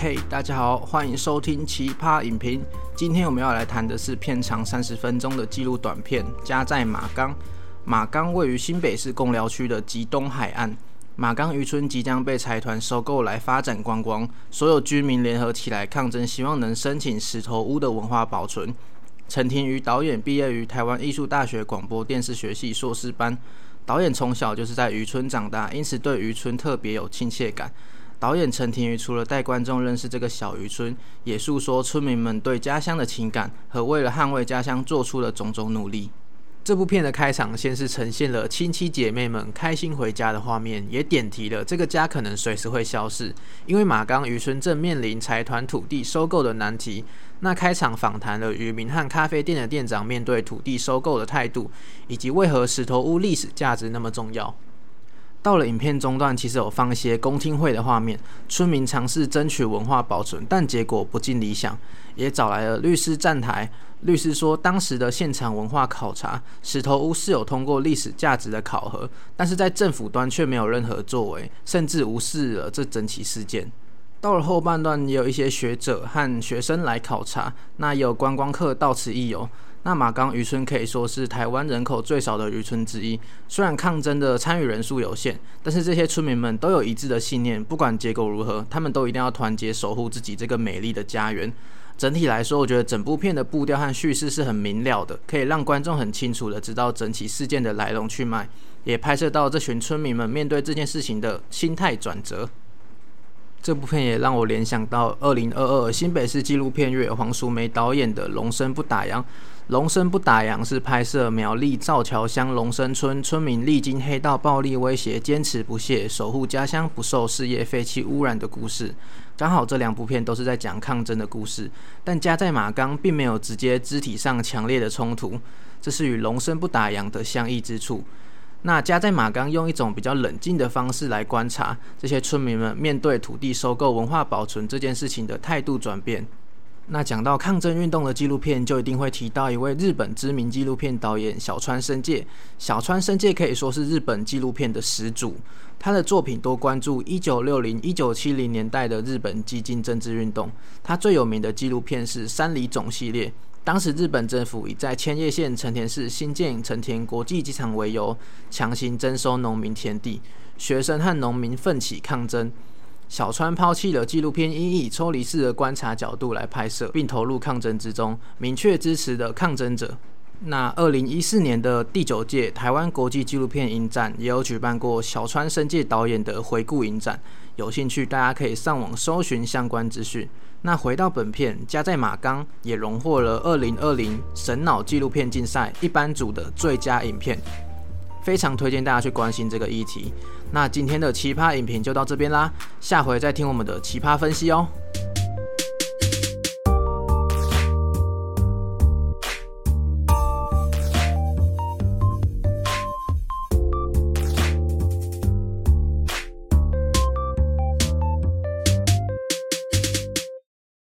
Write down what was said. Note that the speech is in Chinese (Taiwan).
嘿，大家好，歡迎收聽奇葩影評。今天我們要來談的是片長三十分鐘的紀錄短片《家在馬崗》。馬岡位於新北市貢寮區的極東海岸，馬岡漁村即將被財團收購來發展觀光，所有居民聯合起來抗爭，希望能申請石頭屋的文化保存。陳庭瑜導演畢業於台灣藝術大學廣播電視學系碩士班，導演從小就是在漁村長大，因此對漁村特別有親切感。導演陳庭瑜除了帶觀眾認識這個小漁村，也訴說村民們對家鄉的情感和為了捍衛家鄉做出的種種努力。這部片的開場先是呈現了親戚姐妹們開心回家的畫面，也點題了這個家可能隨時會消失，因為馬崗漁村正面臨財團土地收購的難題。那開場訪談了漁民和咖啡店的店長，面對土地收購的態度，以及為何石頭屋歷史價值那麼重要。到了影片中段，其實有放一些公聽會的畫面，村民嘗試爭取文化保存，但結果不盡理想，也找來了律師站台。律師說，當時的現場文化考察石頭屋是有通過歷史價值的考核，但是在政府端卻沒有任何作為，甚至無視了這整起事件。到了後半段，也有一些學者和學生來考察，那有觀光客到此一遊。那馬崗漁村可以說是台灣人口最少的漁村之一。雖然抗爭的參與人數有限，但是這些村民們都有一致的信念，不管結果如何，他們都一定要團結，守護自己這個美麗的家園。整體來說，我覺得整部片的步調和敘事是很明了的，可以讓觀眾很清楚地知道整起事件的來龍去脈，也拍攝到這群村民們面對這件事情的心態轉折。這部片也讓我聯想到二零二二新北市紀錄片月黃淑梅導演的《龍生不打烊》。《龍生不打烊》是拍攝苗栗造橋鄉龍生村村民歷經黑道暴力威脅，堅持不懈守護家鄉不受事業廢棄污染的故事。剛好這兩部片都是在講抗爭的故事，但家在馬崗並沒有直接肢體上強烈的衝突，這是與《龍生不打烊》的相異之處。那家在馬崗用一種比較冷靜的方式，來觀察這些村民們面對土地收購、文化保存這件事情的態度轉變。那講到抗爭運動的紀錄片，就一定會提到一位日本知名紀錄片導演小川紳介。小川紳介可以說是日本紀錄片的始祖，他的作品多關注1960-1970年代的日本激進政治運動。他最有名的紀錄片是《三里塚》系列。當時，日本政府以在千葉縣成田市新建成田國際機場為由，強行徵收農民田地，學生和農民奮起抗爭。小川拋棄了紀錄片應以抽離式的觀察角度來拍攝，並投入抗爭之中，明確支持的抗爭者。那二零一四年的第九屆台灣國際紀錄片影展也有舉辦過小川伸介導演的回顧影展，有興趣大家可以上網搜尋相關資訊。那回到本片，家在馬崗也榮獲了二零二零神腦紀錄片競賽一般組的最佳影片，非常推薦大家去關心這個議題。那今天的奇葩影評就到這邊啦，下回再聽我們的奇葩分析哦。